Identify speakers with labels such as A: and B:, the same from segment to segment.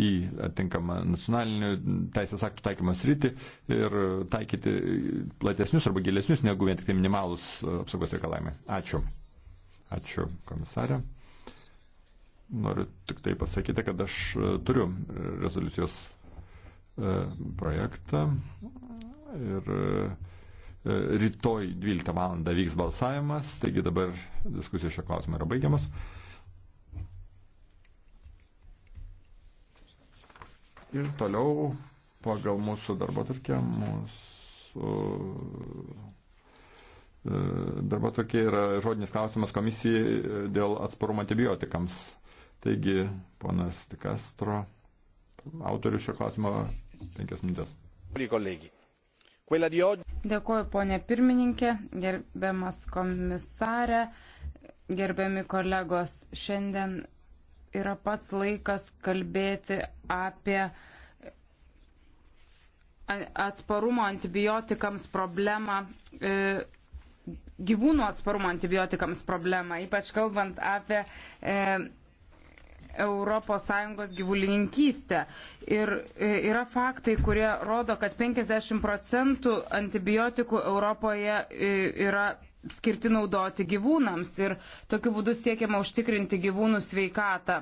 A: į atinkamą nacionalinių teisės aktų taikymą sritį ir taikyti platesnius arba gilesnius negu vien tik tai minimalus apsaugos reikalavimai. Ačiū. Ačiū, komisarė. Noriu tik tai pasakyti, kad aš turiu rezoliucijos e, projektą ir e, rytoj 12 val. vyks balsavimas, taigi dabar diskusijos šio klausimo yra baigiamas. Ir toliau pagal mūsų darbo turkę, mūsų e, darbo turkė yra žodinis klausimas komisijai e, dėl atsparumo antibiotikams. Taigi, ponas Tikastro, autorius šio klausimo, penkias minutės. Dėkuoju,
B: ponė pirmininkė, gerbiamas komisarė, gerbiami kolegos. Šiandien yra pats laikas kalbėti apie atsparumo antibiotikams problemą, e, gyvūnų atsparumo antibiotikams problemą, ypač kalbant apie ES gyvulininkystę. Ir e, yra faktai, kurie rodo, kad 50 procentų antibiotikų Europoje e, yra skirti naudoti gyvūnams ir tokiu būdu siekiama užtikrinti gyvūnų sveikatą.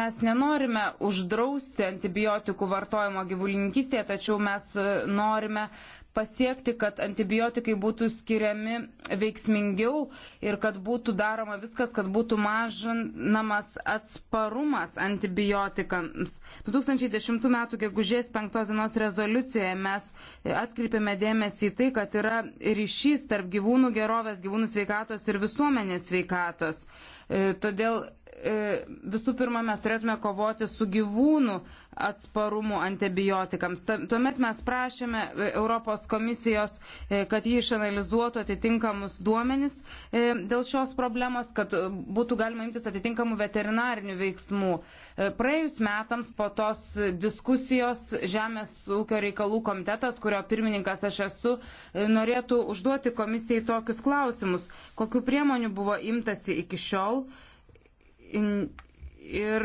B: Mes nenorime uždrausti antibiotikų vartojimo gyvulininkystėje, tačiau mes norime pasiekti, kad antibiotikai būtų skiriami veiksmingiau ir kad būtų daroma viskas, kad būtų mažinamas atsparumas antibiotikams. 2010 m. gegužės 5 dienos rezoliucijoje mes atkreipėme dėmesį į tai, kad yra ryšys tarp gyvūnų gerovės, gyvūnų sveikatos ir visuomenės sveikatos. E, todėl e, visų pirma, mes turėtume kovoti su gyvūnų atsparumu antibiotikams. Tuomet mes prašėme e, Europos Europos komisijos, e, kad jį išanalizuotų atitinkamus duomenis e, dėl šios problemos, kad e, būtų galima imtis atitinkamų veterinarinių veiksmų. Praėjus metams po tos diskusijos Žemės ūkio reikalų komitetas, kurio pirmininkas aš esu, norėtų užduoti komisijai tokius klausimus. Kokiu priemonių buvo imtasi iki šiol? Ir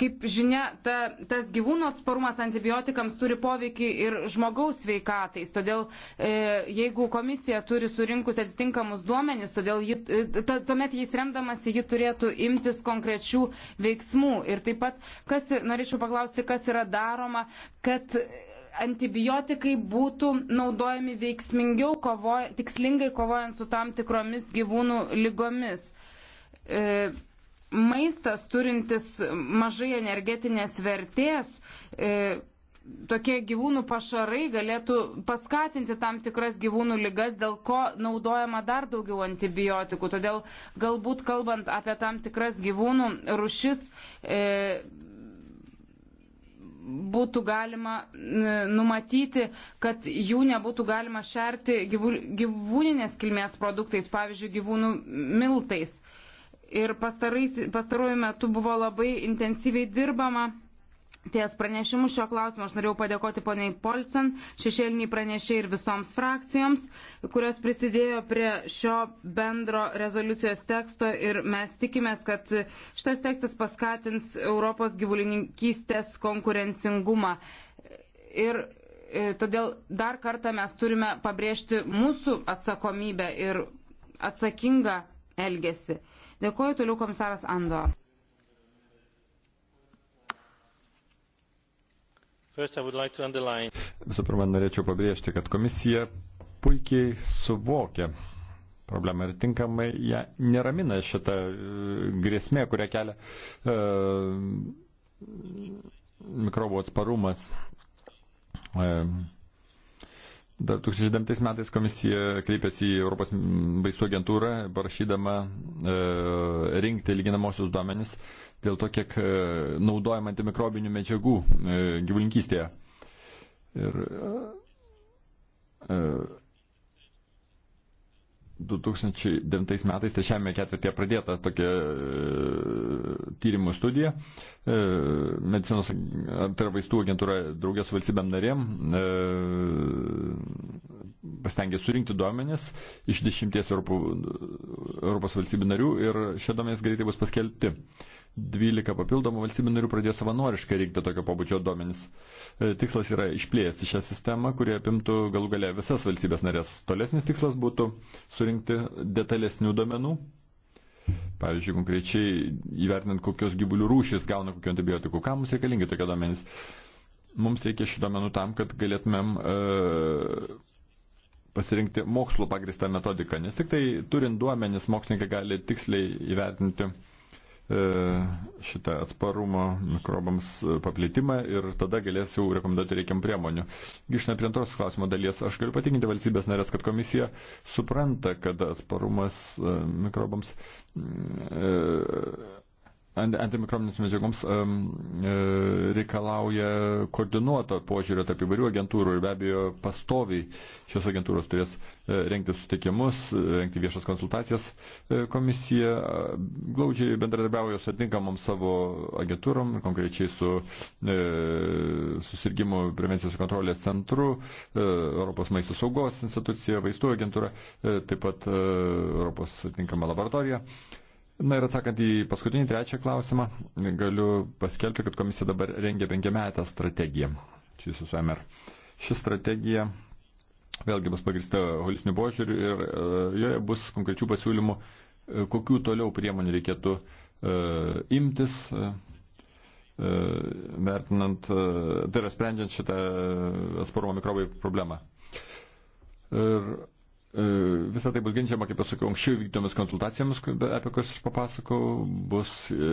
B: kaip žinia, ta, tas gyvūnų atsparumas antibiotikams turi poveikį ir žmogaus sveikatais. Todėl, e, jeigu komisija turi surinkus atitinkamus duomenis, todėl ji, e, ta, tuomet jais remdamasi ji turėtų imtis konkrečių veiksmų. Ir taip pat, kas, norėčiau paklausti, kas yra daroma, kad antibiotikai būtų naudojami veiksmingiau, kovoj, tikslingai kovojant su tam tikromis gyvūnų lygomis. E, maistas turintis mažai energetinės vertės, e, tokie gyvūnų pašarai galėtų paskatinti tam tikras gyvūnų ligas, dėl ko naudojama dar daugiau antibiotikų. Todėl galbūt kalbant apie tam tikras gyvūnų rušis, e, būtų galima numatyti, kad jų nebūtų galima šerti gyvūninės kilmės produktais, pavyzdžiui, gyvūnų miltais. E, ir pastaruoju metu buvo labai intensyviai dirbama. Ties pranešimu šio klausimo aš norėjau padėkoti poniai Polcen, šešėliniai pranešė ir visoms frakcijoms, kurios prisidėjo prie šio bendro rezoliucijos teksto ir mes tikimės, kad šitas tekstas paskatins Europos gyvulininkystės konkurencingumą. Ir e, todėl dar kartą mes turime pabrėžti mūsų atsakomybę ir atsakingą elgesį. Dėkuoju toliau komisaras Andor.
A: Like Visų pirma, norėčiau pabrėžti, kad komisija puikiai suvokia problemą ir tinkamai ją neramina šitą e, grėsmę, kurią kelia e, mikrobų atsparumas e, Dar 2009 metais komisija kreipėsi į Europos vaistų agentūrą, parašydama e, rinkti lyginamosius duomenis dėl to, kiek e, naudojama antimikrobinių medžiagų e, gyvulinkystėje. Ir e, e, 2009 metais, trečiame ketvirtėje pradėta tokia e, tyrimų studija. E, medicinos, tai yra vaistų agentūra draugės su valstybėm narėm, e, pasitengė surinkti duomenis iš dešimties Europų, Europos valstybių narių ir šie duomenys greitai bus paskelbti. 12 papildomų valstybių narių pradėjo savanoriškai rinkti tokio pobūdžio duomenys. E, tikslas yra išplėsti šią sistemą, kurie apimtų galų gale visas valstybės narės. Tolesnis tikslas būtų surinkti detalesnių duomenų. Pavyzdžiui, konkrečiai įvertinant, kokios gyvulių rūšys gauna kokių antibiotikų, kam mums reikalingi tokie duomenys. Mums reikia šių duomenų tam, kad galėtumėm e, pasirinkti mokslo pagristą metodiką, nes tik tai turint duomenis mokslininkai gali tiksliai įvertinti E, šitą atsparumą mikrobams e, paplitimą ir tada galės jau rekomenduoti reikiam priemonių. Grįžtant prie antros klausimo dalies, aš galiu patikinti valstybės narės, kad komisija supranta, kad atsparumas e, mikrobams antimikrobinėms medžiagoms e, reikalauja koordinuoto požiūrio tarp įvairių agentūrų ir be abejo pastoviai šios agentūros turės e, rengti sutikimus, e, rengti viešas konsultacijas. Komisija glaudžiai bendradarbiauja su atinkamom savo agentūrom, konkrečiai su susirgymų prevencijos kontrolės centru, Europos maisto saugos institucija, vaistų agentūra, taip pat Europos atitinkama laboratorija. Na ir atsakant į paskutinį trečią klausimą, galiu paskelbti, kad komisija dabar rengia penkiametę strategiją. Čia su MR. Ši strategija vėlgi bus pagrįsta holistiniu požiūriu ir e, joje bus konkrečių pasiūlymų, e, kokių toliau priemonių reikėtų e, imtis, vertinant, tai yra sprendžiant šitą sparumo mikrobai problemą. Ir E, Visą tai bus ginčiama, kaip jau sakiau, anksčiau vykdomis konsultacijomis, apie kurias aš papasakau, bus e,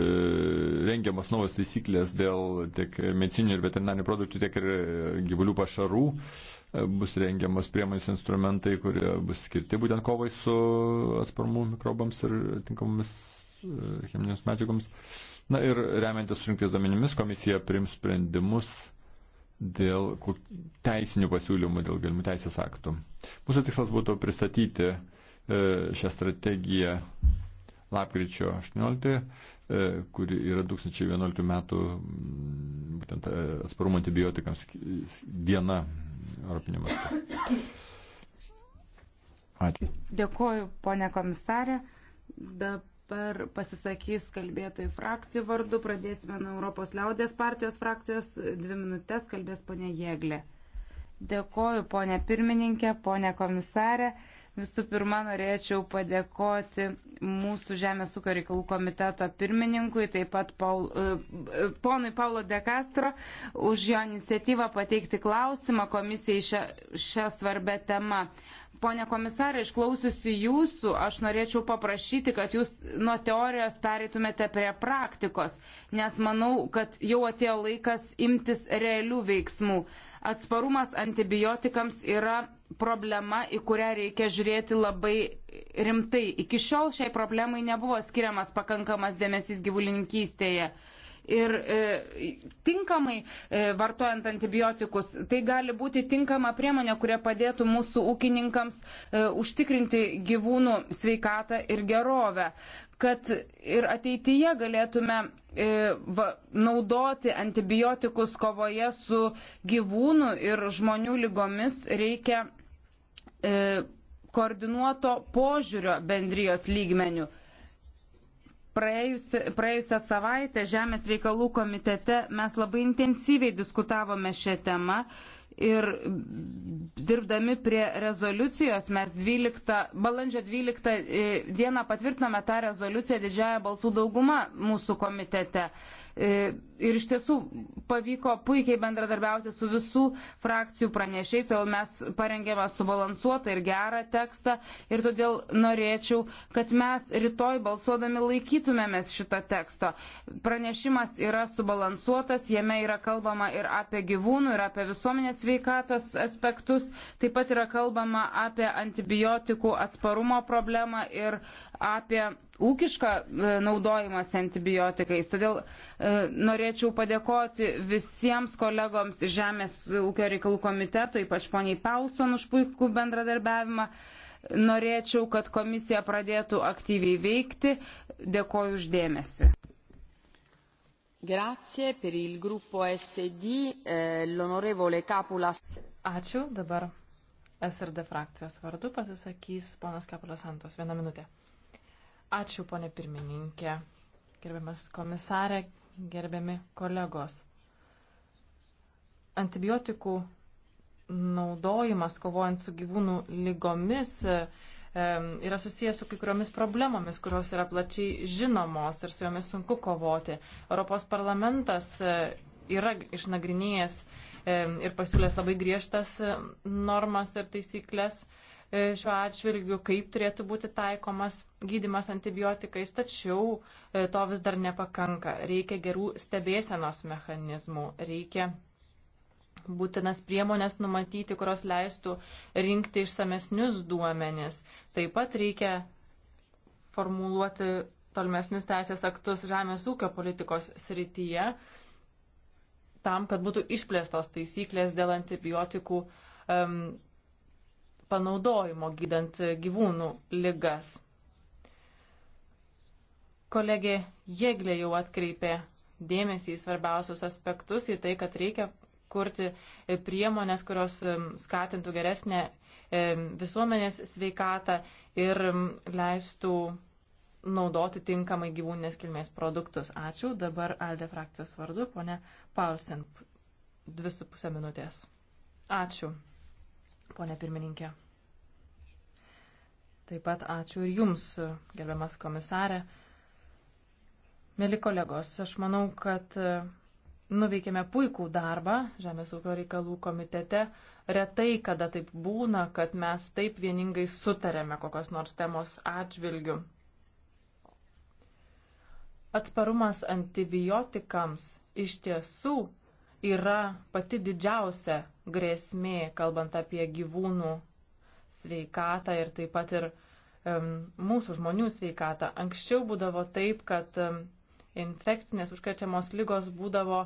A: rengiamas naujas taisyklės dėl tiek medicininių ir veterinarinių produktų, tiek ir e, gyvulių pašarų, bus rengiamas priemonės instrumentai, kurie bus skirti būtent kovai su atsparmų mikrobams ir tinkamomis cheminėms medžiagoms. Na ir remiantis surinktais duomenimis, komisija prims sprendimus dėl teisinių pasiūlymų, dėl galimų teisės aktų. Mūsų tikslas būtų pristatyti e, šią strategiją lapkričio 18, e, kuri yra 2011 metų būtent e, atsparumo antibiotikams diena Europinė mastu. Ačiū.
B: Dėkuoju, ponė komisarė. Be Dabar pasisakys kalbėtojų frakcijų vardu. Pradėsime nuo Europos liaudės partijos frakcijos. Dvi minutės kalbės ponė Jėglė. Dėkoju, ponė pirmininkė, ponė komisarė. Visų pirma, norėčiau padėkoti mūsų Žemės ūkio reikalų komiteto pirmininkui, taip pat Paul, e, ponui Paulo De Castro, už jo iniciatyvą pateikti klausimą komisijai šią, šią svarbę temą. Pone komisarė, išklausiusi jūsų, aš norėčiau paprašyti, kad jūs nuo teorijos pereitumėte prie praktikos, nes manau, kad jau atėjo laikas imtis realių veiksmų. Atsparumas antibiotikams yra problema, į kurią reikia žiūrėti labai rimtai. Iki šiol šiai problemai nebuvo skiriamas pakankamas dėmesys gyvulininkystėje. Ir e, tinkamai e, vartojant antibiotikus, tai gali būti tinkama priemonė, kurie padėtų mūsų ūkininkams e, užtikrinti gyvūnų sveikatą ir gerovę kad ir ateityje galėtume e, va, naudoti antibiotikus kovoje su gyvūnų ir žmonių lygomis, reikia e, koordinuoto požiūrio bendrijos lygmenių. Praėjusią, praėjusią savaitę Žemės reikalų komitete mes labai intensyviai diskutavome šią temą Ir dirbdami prie rezoliucijos mes 12, balandžio 12 e, dieną patvirtinome tą rezoliuciją didžiąją balsų daugumą mūsų komitete. E, ir iš tiesų pavyko puikiai bendradarbiauti su visų frakcijų pranešiais, todėl mes parengėme subalansuotą ir gerą tekstą. Ir todėl norėčiau, kad mes rytoj balsuodami laikytumėmės šito teksto. Pranešimas yra subalansuotas, jame yra kalbama ir apie gyvūnų, ir apie visuomenės veikatos aspektus. Taip pat yra kalbama apie antibiotikų atsparumo problemą ir apie ūkišką e, naudojimąsi antibiotikais. Todėl e, norėčiau padėkoti visiems kolegoms iš Žemės ūkio reikalų komiteto, ypač poniai Paulson už puikų bendradarbiavimą. Norėčiau, kad komisija pradėtų aktyviai veikti. Dėkoju uždėmesi. Grazie per il gruppo SD, eh, l'onorevole Capula.
C: Ačiū, dabar SRD frakcijos vardu pasisakys ponas Kapulas Santos. Vieną minutę. Ačiū, ponė pirmininkė. Gerbiamas komisarė, gerbiami kolegos. Antibiotikų naudojimas kovojant su gyvūnų lygomis e, yra susijęs su kai kuriomis problemomis, kurios yra plačiai žinomos ir su jomis sunku kovoti. Europos parlamentas e, yra išnagrinėjęs ir pasiūlęs labai griežtas e, normas ir taisyklės E, šiuo atžvilgiu, kaip turėtų būti taikomas gydimas antibiotikais, tačiau e, to vis dar nepakanka. Reikia gerų stebėsenos mechanizmų, reikia būtinas priemonės numatyti, kurios leistų rinkti išsamesnius duomenis. Taip pat reikia formuluoti tolmesnius teisės aktus žemės ūkio politikos srityje, tam, kad būtų išplėstos taisyklės dėl antibiotikų um, panaudojimo gydant gyvūnų ligas. Kolegė Jėglė jau atkreipė dėmesį į svarbiausius aspektus, į tai, kad reikia kurti priemonės, kurios skatintų geresnę visuomenės sveikatą ir leistų naudoti tinkamai gyvūninės kilmės produktus. Ačiū. Dabar Alde frakcijos vardu, ponė Paulsen, dvi su pusę minutės. Ačiū, ponė pirmininkė. Taip pat ačiū ir Jums, gerbiamas komisarė. Mėly kolegos, aš manau, kad e, nuveikėme puikų darbą Žemės ūkio reikalų komitete. Retai, kada taip būna, kad mes taip vieningai sutarėme kokios nors temos atžvilgių. Atsparumas antibiotikams iš tiesų yra pati didžiausia grėsmė, kalbant apie gyvūnų sveikatą ir taip pat ir mūsų žmonių sveikatą. Anksčiau būdavo taip, kad infekcinės užkrečiamos lygos būdavo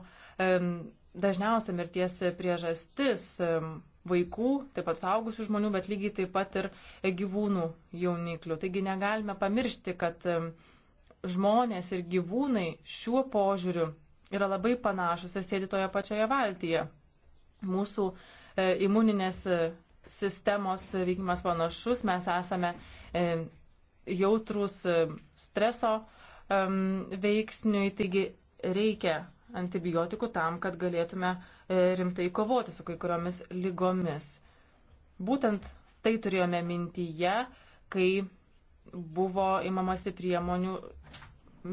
C: dažniausia mirties priežastis vaikų, taip pat suaugusių žmonių, bet lygiai taip pat ir gyvūnų jauniklių. Taigi negalime pamiršti, kad žmonės ir gyvūnai šiuo požiūriu yra labai panašus ir sėdi toje pačioje valtyje. Mūsų e, imuninės e, sistemos veikimas panašus, mes esame E, jautrus e, streso e, veiksniui, taigi reikia antibiotikų tam, kad galėtume rimtai kovoti su kai kuriomis lygomis. Būtent tai turėjome mintyje, kai buvo imamasi priemonių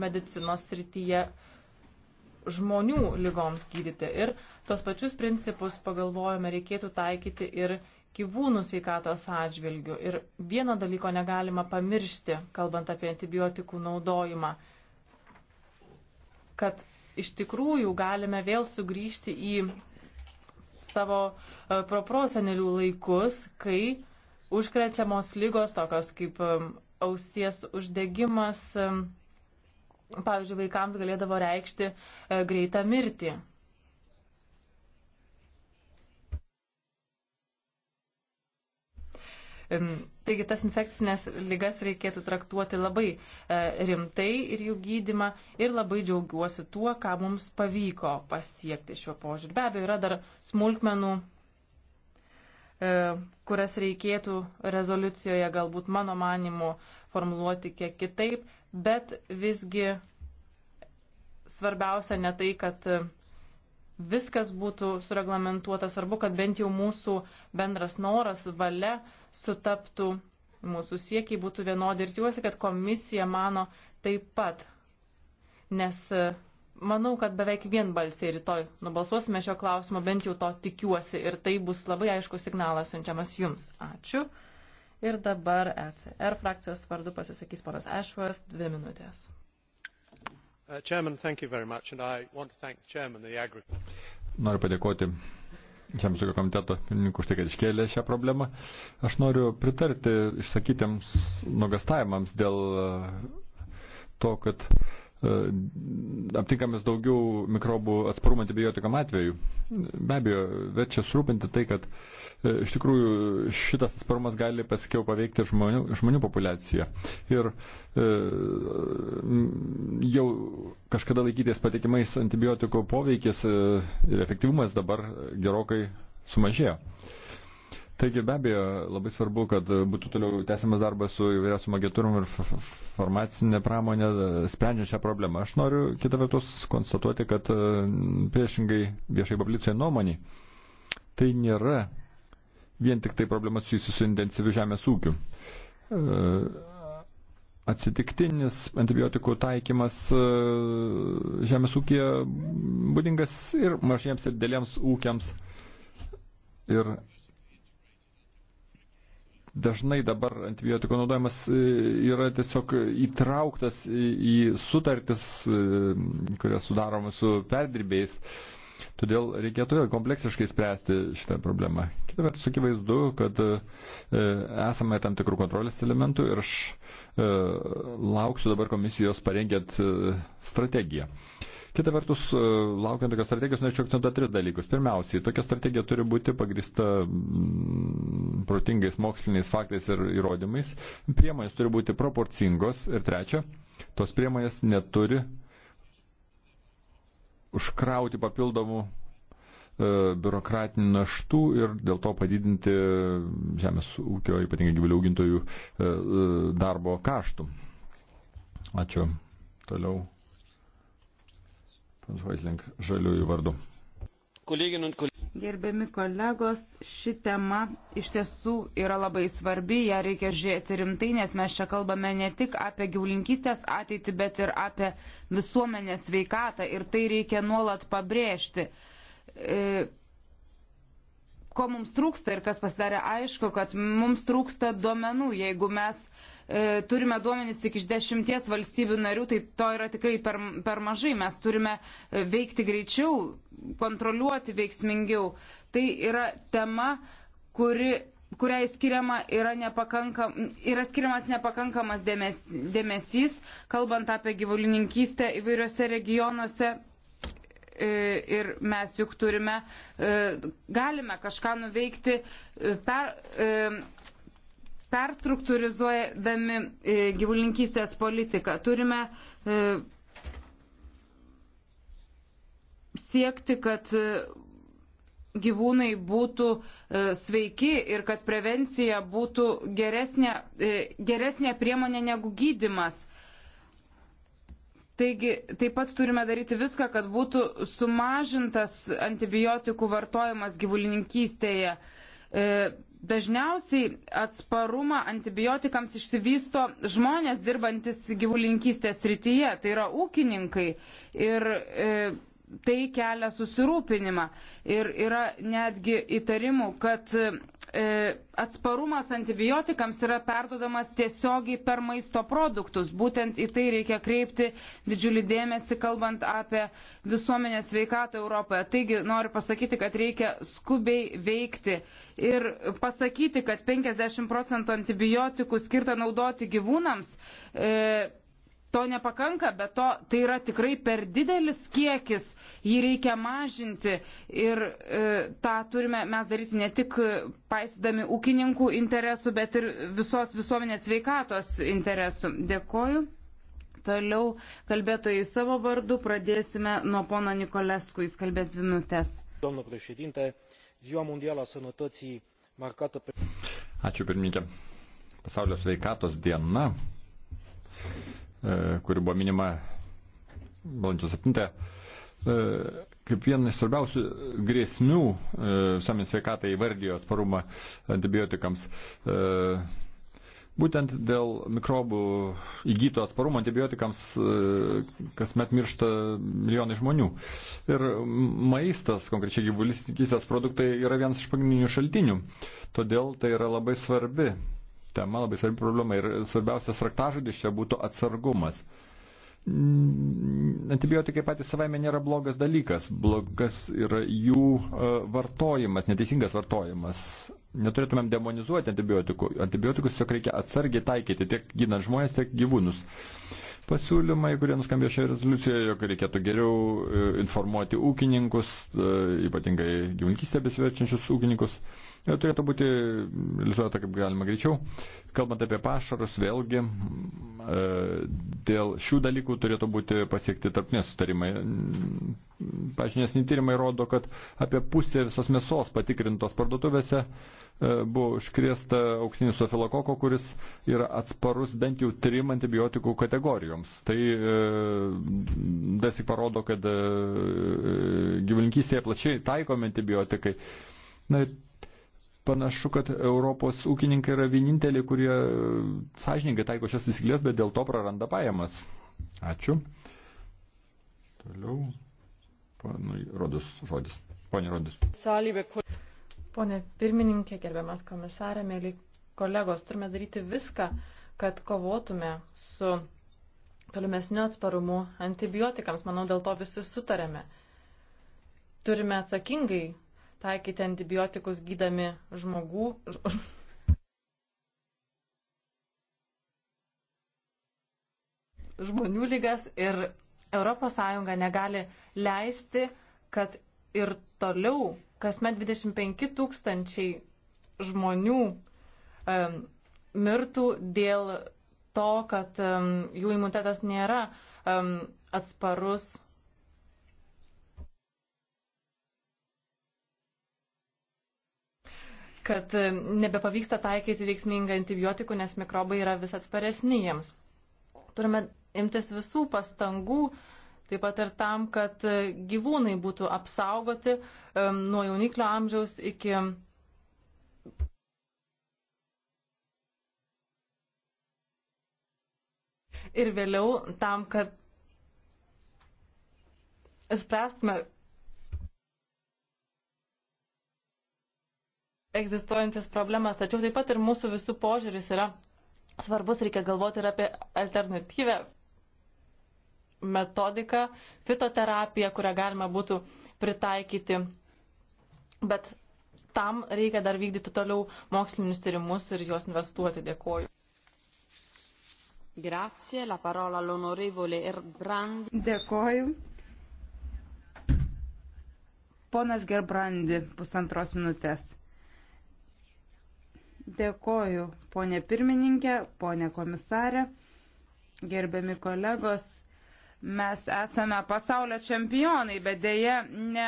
C: medicinos srityje žmonių lygoms gydyti. Ir tuos pačius principus pagalvojame reikėtų taikyti ir gyvūnų sveikatos atžvilgių. Ir vieno dalyko negalima pamiršti, kalbant apie antibiotikų naudojimą, kad iš tikrųjų galime vėl sugrįžti į savo e, proprosenelių laikus, kai užkrečiamos lygos, tokios kaip e, ausies uždegimas, e, pavyzdžiui, vaikams galėdavo reikšti greitą mirtį. Taigi tas infekcinės lygas reikėtų traktuoti labai e, rimtai ir jų gydimą ir labai džiaugiuosi tuo, ką mums pavyko pasiekti šiuo požiūriu. Be abejo, yra dar smulkmenų, e, kurias reikėtų rezoliucijoje galbūt mano manimu formuluoti kiek kitaip, bet visgi svarbiausia ne tai, kad viskas būtų sureglamentuota, svarbu, kad bent jau mūsų bendras noras, valia sutaptų, mūsų siekiai būtų vienodi ir tikiuosi, kad komisija mano taip pat. Nes e, manau, kad beveik vienbalsiai rytoj nubalsuosime šio klausimo, bent jau to tikiuosi ir tai bus labai aiškus signalas siunčiamas jums. Ačiū. Ir dabar ECR frakcijos vardu pasisakys ponas Ešvas, dvi minutės.
A: Uh, chairman, Noriu padėkoti Žemės ūkio komiteto pirmininkų už tai, kad iškėlė šią problemą. Aš noriu pritarti išsakytiems nuogastavimams dėl to, kad uh, E, aptinkamas daugiau mikrobų atsparumą antibiotikam atveju. Be abejo, verčia surūpinti tai, kad e, iš tikrųjų šitas atsparumas gali paskiau paveikti žmonių, žmonių populaciją. Ir e, jau kažkada laikytis patikimais antibiotikų poveikis e, ir efektyvumas dabar gerokai sumažėjo. E, Taigi be abejo labai svarbu, kad būtų toliau tęsiamas darbas su įvairiausių magitūrum ir farmacinė pramonė e, sprendžiant šią problemą. Aš noriu kitą vietus konstatuoti, kad e, priešingai viešai paplitusiai nuomonį tai nėra vien tik tai problema susijusi su intensyviu žemės ūkiu. E, atsitiktinis antibiotikų taikymas žemės ūkija būdingas ir mažiems ir dėliems ūkiams. Ir dažnai dabar antibiotiko naudojimas e, yra tiesiog įtrauktas į sutartis, e, kurias sudaroma su perdirbėjais. Todėl reikėtų vėl kompleksiškai spręsti šitą problemą. Kita vertus, akivaizdu, kad e, esame tam tikrų kontrolės elementų ir aš e, lauksiu dabar komisijos parengėt e, strategiją. E, Kita vertus, e, laukiant tokios strategijos, norėčiau akcentuoti tris dalykus. Pirmiausiai, tokia strategija turi būti pagrista mm, protingais moksliniais faktais ir įrodymais. Priemonės turi būti proporcingos. Ir trečia, tos priemonės neturi užkrauti papildomų e, biurokratinių naštų ir dėl to padidinti žemės ūkio, ypatingai gyvulių augintojų e, darbo kaštų. Ačiū. Toliau Panas Vaitlink, žaliųjų vardu.
B: Gerbiami kolegos, ši tema iš tiesų yra labai svarbi, ją reikia žiūrėti rimtai, nes mes čia kalbame ne tik apie gyvulinkystės ateitį, bet ir apie visuomenės veikatą ir tai reikia nuolat pabrėžti. E, ko mums trūksta ir kas pasidarė aišku, kad mums trūksta duomenų. Jeigu mes E, turime duomenys tik iš dešimties valstybių narių, tai to yra tikrai per, per mažai. Mes turime e, veikti greičiau, kontroliuoti veiksmingiau. Tai yra tema, kuri kuriai skiriama yra, nepakankam, yra skiriamas nepakankamas dėmes, dėmesys, kalbant apie gyvulininkystę įvairiose regionuose. E, ir mes juk turime, galime kažką nuveikti per, perstruktūrizuodami e, gyvulinkystės politiką. Turime e, siekti, kad e, gyvūnai būtų sveiki ir kad prevencija būtų geresnė, geresnė priemonė negu gydimas. Taigi taip pat turime daryti viską, kad būtų sumažintas antibiotikų vartojimas gyvulininkystėje. Dažniausiai atsparumą antibiotikams išsivysto žmonės dirbantis gyvulinkystės rytyje, tai yra ūkininkai. Ir e, tai kelia susirūpinimą. Ir yra netgi įtarimų, kad e, atsparumas antibiotikams yra perdodamas tiesiogiai per maisto produktus. Būtent į tai reikia kreipti didžiulį dėmesį, kalbant apie visuomenės veikatą Europoje. Taigi noriu pasakyti, kad reikia skubiai veikti ir pasakyti, kad 50 procentų antibiotikų skirta naudoti gyvūnams. E, to nepakanka, bet to tai yra tikrai per didelis kiekis, jį reikia mažinti ir e, tą turime mes daryti ne tik paisydami ūkininkų interesų, bet ir visos visuomenės veikatos interesų. Dėkoju. Toliau kalbėtojai savo vardu pradėsime nuo pono Nikolesku, jis kalbės dvi minutės.
A: Ačiū pirmininkė. Pasaulio sveikatos diena E, kuri buvo minima balandžio 7, e, kaip vieną iš svarbiausių grėsmių e, visuomenės sveikatai įvardijo atsparumą antibiotikams. Būtent dėl mikrobų įgyto atsparumo antibiotikams kasmet miršta milijonai žmonių. Ir maistas, konkrečiai gyvulistykysės produktai, yra vienas iš pagrindinių šaltinių. Todėl tai yra labai svarbi tema, labai svarbi problema ir svarbiausias raktažodis čia būtų atsargumas. Antibiotikai patys savaime nėra blogas dalykas, blogas yra jų e, vartojimas, neteisingas vartojimas. Neturėtumėm demonizuoti antibiotikų. Antibiotikus tiesiog reikia atsargiai taikyti tiek ginant žmonės, tiek gyvūnus pasiūlymai, kurie nuskambėjo šioje rezoliucijoje, jog reikėtų geriau e, informuoti ūkininkus, e, ypatingai gyvunkystė besiverčiančius ūkininkus turėtų būti realizuota kaip galima greičiau. Kalbant apie pašarus, vėlgi e, dėl šių dalykų turėtų būti pasiekti tarpinės sutarimai. Pažinėsni tyrimai rodo, kad apie pusę visos mėsos patikrintos parduotuvėse e, buvo užkrėsta auksinis sofilokoko, kuris yra atsparus bent jau trim antibiotikų kategorijoms. Tai e, dar tik parodo, kad e, gyvulinkystėje plačiai taikomi antibiotikai. Na ir Panašu, kad Europos ūkininkai yra vieninteliai, kurie e, sąžininkai taiko šias įsiklės, bet dėl to praranda pajamas. Ačiū. Toliau. Ponui Rodus žodis. Pone Rodus.
C: Sąlybė. Pone pirmininkė, gerbiamas komisarė, mėly kolegos, turime daryti viską, kad kovotume su tolimesniu atsparumu antibiotikams. Manau, dėl to visi sutarėme. Turime atsakingai taikyti antibiotikus gydami žmogų. žmonių lygas ir ES negali leisti, kad ir toliau kasmet 25 tūkstančiai žmonių um, mirtų dėl to, kad um, jų imunitetas nėra um, atsparus kad e, nebepavyksta taikyti veiksmingą antibiotikų, nes mikrobai yra vis atsparesni jiems. Turime imtis visų pastangų, taip pat ir tam, kad e, gyvūnai būtų apsaugoti um, nuo jauniklio amžiaus iki. Ir vėliau tam, kad spręstume egzistuojantis problemas, tačiau taip pat ir mūsų visų požiūris yra svarbus, reikia galvoti ir apie alternatyvę metodiką, fitoterapiją, kurią galima būtų pritaikyti. Bet tam reikia dar vykdyti toliau mokslinius tyrimus ir juos investuoti. Dėkoju.
B: Grazie, la parola all'onorevole Erbrandi. Dėkoju. Ponas Gerbrandi, pusantros minutės. Dėkoju, ponė pirmininkė, ponė komisarė, gerbiami kolegos. Mes esame pasaulio čempionai, bet dėje ne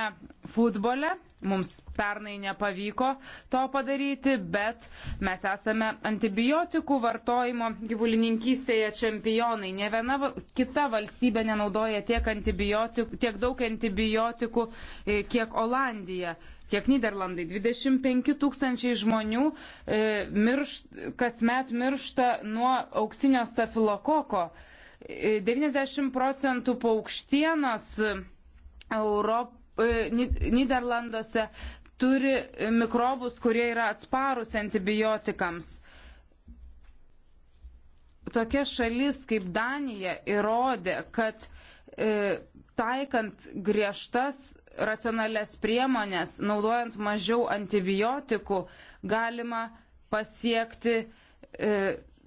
B: futbole, mums pernai nepavyko to padaryti, bet mes esame antibiotikų vartojimo gyvulininkystėje čempionai. Ne viena kita valstybė nenaudoja tiek, tiek daug antibiotikų, e, kiek Olandija kiek Niderlandai, 25 tūkstančiai žmonių e, mirš, kasmet miršta nuo auksinio stafilokoko. E, 90 procentų paukštienos Europ... E, Niderlanduose turi mikrobus, kurie yra atsparus antibiotikams. Tokia šalis kaip Danija įrodė, kad e, taikant griežtas racionalias priemonės, naudojant mažiau antibiotikų, galima pasiekti e,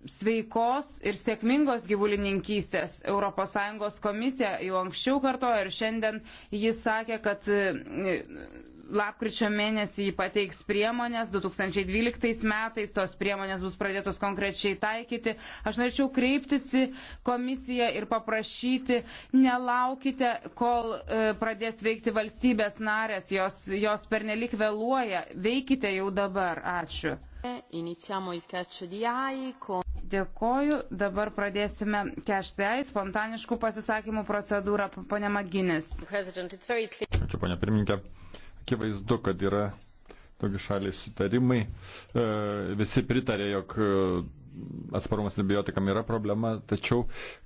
B: sveikos ir sėkmingos gyvulininkystės. ES komisija jau anksčiau kartojo ir šiandien jis sakė, kad e, lapkričio mėnesį jį pateiks priemonės, 2012 metais tos priemonės bus pradėtos konkrečiai taikyti. Aš norėčiau kreiptis į komisiją ir paprašyti, nelaukite, kol e, pradės veikti valstybės narės, jos, jos pernelik vėluoja, veikite jau dabar. Ačiū. Iniziamo il calcio di AI con... Dėkoju. Dabar pradėsime keštai spontaniškų pasisakymų procedūrą. Pone Maginis. Ačiū,
A: ponė pirmininkė. Akivaizdu, kad yra tokie šaliai sutarimai. E, visi pritarė, jog e, atsparumas antibiotikam yra problema, tačiau,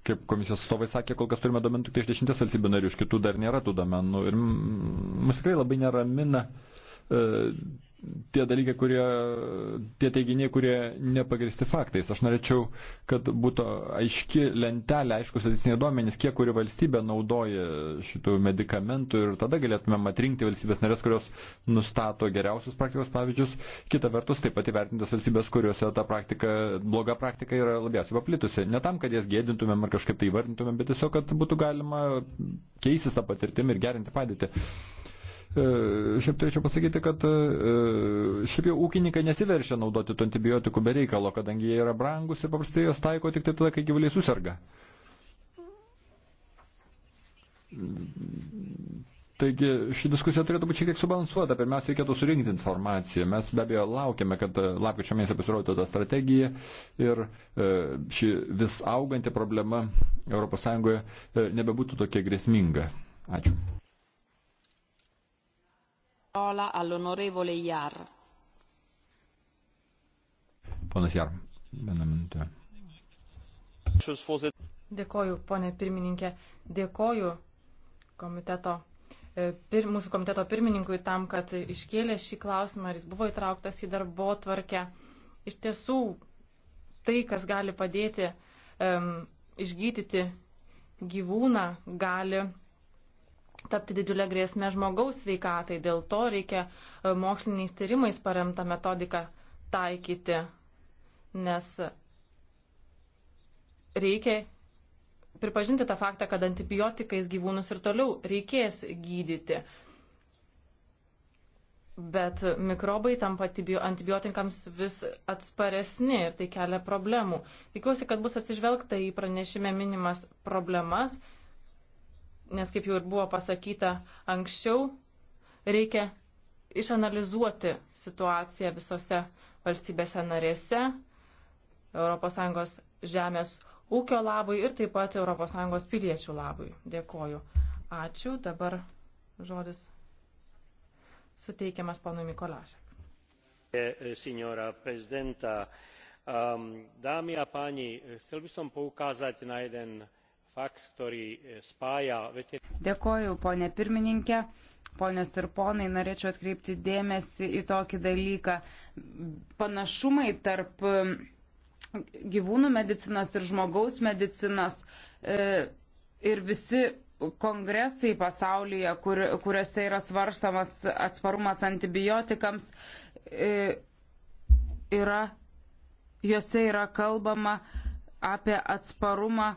A: kaip komisijos atstovai sakė, kol kas turime domenų tik tai iš dešimties valstybių narių, iš kitų dar nėra tų domenų. Ir mus tikrai labai neramina uh, E, tie dalykai, kurie, tie teiginiai, kurie nepagristi faktais. Aš norėčiau, kad būtų aiški lentelė, aiškus statistiniai duomenys, kiek kuri valstybė naudoja šitų medikamentų ir tada galėtumėm atrinkti valstybės narės, kurios nustato geriausius praktikos pavyzdžius. Kita vertus, taip pat įvertintas valstybės, kuriuose ta praktika, bloga praktika yra labiausiai paplitusi. Ne tam, kad jas gėdintumėm ar kažkaip tai įvardintumėm, bet tiesiog, kad būtų galima keistis tą patirtimį ir gerinti padėtį. E, šiaip turėčiau pasakyti, kad e, šiaip jau ūkininkai nesiveršia naudoti tų antibiotikų be reikalo, kadangi jie yra brangus ir paprastai jos taiko tik tai tada, kai gyvuliai susirga. Taigi ši diskusija turėtų būti šiek tiek subalansuota. Pirmiausia, reikėtų surinkti informaciją. Mes be abejo laukiame, kad e, lapkričio mėnesį pasirodytų ta strategija ir ši vis auganti problema ES nebebūtų tokia grėsminga. Ačiū
B: parola all'onorevole Jar.
A: Ponas Jar, vieną minutę.
C: Dėkoju, ponė pirmininkė. Dėkoju komiteto, e, pir, mūsų komiteto pirmininkui tam, kad iškėlė šį klausimą ir jis buvo įtrauktas į darbo tvarkę. Iš tiesų, tai, kas gali padėti um, išgydyti gyvūną, gali tapti didžiulę grėsmę žmogaus sveikatai. Dėl to reikia e, moksliniais tyrimais paremtą metodiką taikyti, nes reikia pripažinti tą faktą, kad antibiotikais gyvūnus ir toliau reikės gydyti. Bet mikrobai tampa antibiotikams vis atsparesni ir tai kelia problemų. Tikiuosi, kad bus atsižvelgta į pranešime minimas problemas nes kaip jau ir buvo pasakyta anksčiau, reikia išanalizuoti situaciją visose valstybėse narėse, ES žemės ūkio labui ir taip pat ES piliečių labui. Dėkoju. Ačiū. Dabar žodis suteikiamas ponui Mikolašek.
B: E, e, signora prezidenta, dámy a páni, chcel by som poukázať na jeden fakt, ktorý e, spája veterinárne. Dėkoju, ponė pirmininkė. Ponios ir ponai, norėčiau atkreipti dėmesį į tokį dalyką. Panašumai tarp e, gyvūnų medicinos ir žmogaus medicinos e, ir visi kongresai pasaulyje, kur, kuriuose yra svarstamas atsparumas antibiotikams, yra, juose yra kalbama apie atsparumą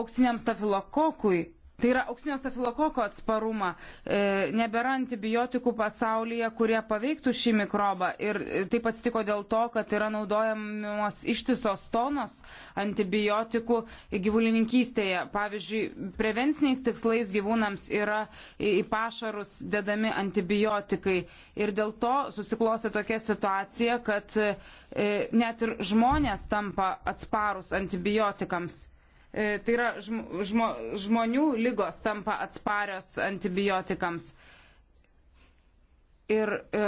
B: auksiniam stafilokokui Tai yra auksinio stafilokoko atsparumą. E, nebėra antibiotikų pasaulyje, kurie paveiktų šį mikrobą. Ir e, taip atsitiko dėl to, kad yra naudojamos ištisos tonos antibiotikų gyvulininkystėje. Pavyzdžiui, prevenciniais tikslais gyvūnams yra į pašarus dedami antibiotikai. Ir dėl to susiklosi tokia situacija, kad e, net ir žmonės tampa atsparus antibiotikams. E, tai yra žmo, žmonių lygos tampa atsparios antibiotikams. Ir e,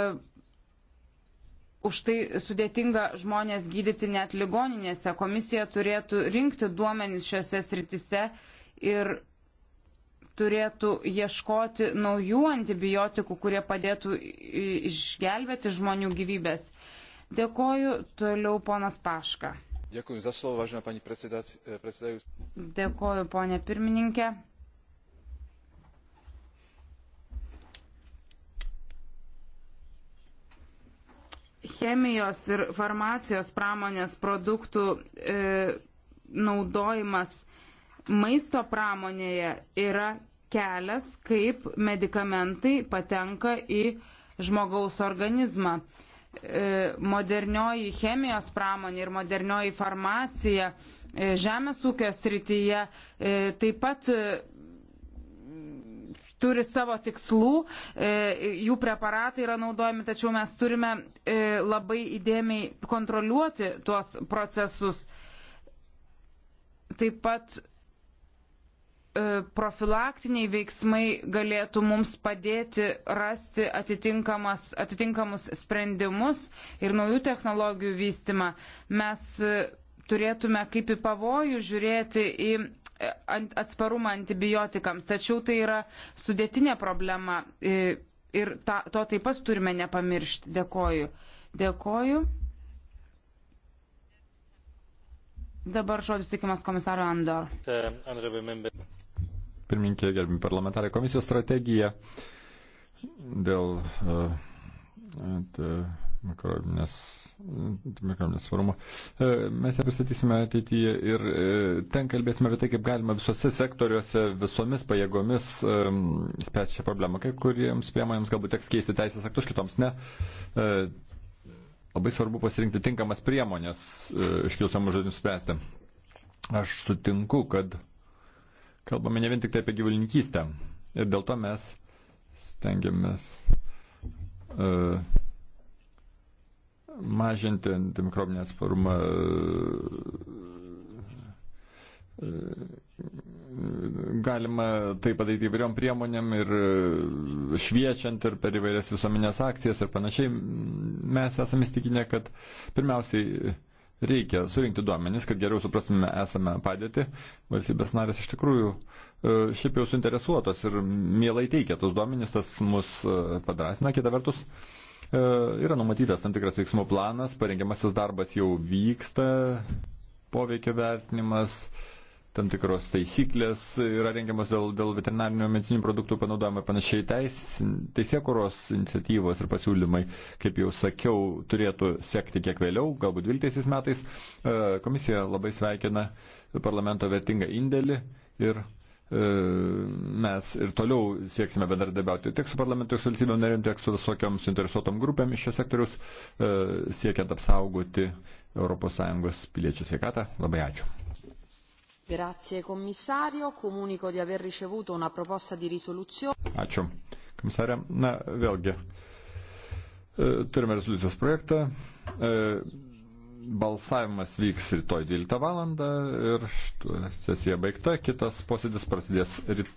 B: už tai sudėtinga žmonės gydyti net ligoninėse. Komisija turėtų rinkti duomenys šiuose sritise ir turėtų ieškoti naujų antibiotikų, kurie padėtų išgelbėti žmonių gyvybės. Dėkoju toliau ponas Paška.
A: Eh,
B: Dėkuoju, ponė pirmininkė. Chemijos ir farmacijos pramonės produktų e, naudojimas maisto pramonėje yra kelias, kaip medikamentai patenka į žmogaus organizmą. E, E, modernioji chemijos pramonė ir modernioji farmacija e, žemės ūkio srityje e, taip pat turi savo tikslų, jų preparatai yra naudojami, tačiau mes turime labai įdėmiai kontroliuoti tuos procesus. Taip pat E, profilaktiniai veiksmai galėtų mums padėti rasti atitinkamus sprendimus ir naujų technologijų vystimą. Mes e, turėtume kaip į pavojų žiūrėti į e, atsparumą antibiotikams, tačiau tai yra sudėtinė problema ir ta, to taip pat turime nepamiršti. Dėkoju. Dėkoju. Dabar žodis tikimas komisaro Andor
A: pirmininkė, gerbimi parlamentarai, komisijos strategija dėl e, e, mikrobinės, mikrobinės svarumo. E, mes ją pristatysime ateityje ir ten kalbėsime apie tai, kaip galima visose sektoriuose, visomis pajėgomis spręsti šią problemą. Kai kuriems priemonėms galbūt teks keisti teisės aktus, kitoms ne labai svarbu pasirinkti tinkamas priemonės iškilusiam užduotim spręsti. Aš sutinku, kad kalbame ne vien tik tai apie gyvulininkystę. Ir dėl to mes stengiamės uh, mažinti antimikrobinį atsparumą e, e, galima tai padaryti įvairiom priemonėm ir šviečiant ir per įvairias visuomenės akcijas ir panašiai. Mes esame įstikinę, kad pirmiausiai reikia surinkti duomenis, kad geriau suprastume esame padėti. Valstybės narės iš tikrųjų e, šiaip jau suinteresuotos ir mielai teikia tos duomenis, tas mus e, padrasina. Kita vertus, e, yra numatytas tam tikras veiksmų planas, parengiamasis darbas jau vyksta, poveikio vertinimas tam tikros taisyklės yra rengiamos dėl, dėl veterinarinio medicinių produktų panaudojimo ir panašiai. Teis, teisėkuros iniciatyvos ir pasiūlymai, kaip jau sakiau, turėtų sekti kiek vėliau, galbūt 12 metais. E, komisija labai sveikina parlamento vertingą indėlį ir e, mes ir toliau sieksime bendradarbiauti tiek su parlamentu, tiek su valstybėm narėm, tiek su visokiam suinteresuotom grupėm iš šio sektoriaus, e, siekiant apsaugoti ES piliečių sveikatą. Labai ačiū.
B: Grazie komisario, komuniko di aver ricevuto una proposta di risoluzione.
A: Ačiū. Komisarė, na vėlgi, e, turime rezoliucijos projektą. E, balsavimas vyks rytoj 12 val. ir sesija baigta, kitas posėdis prasidės rytoj.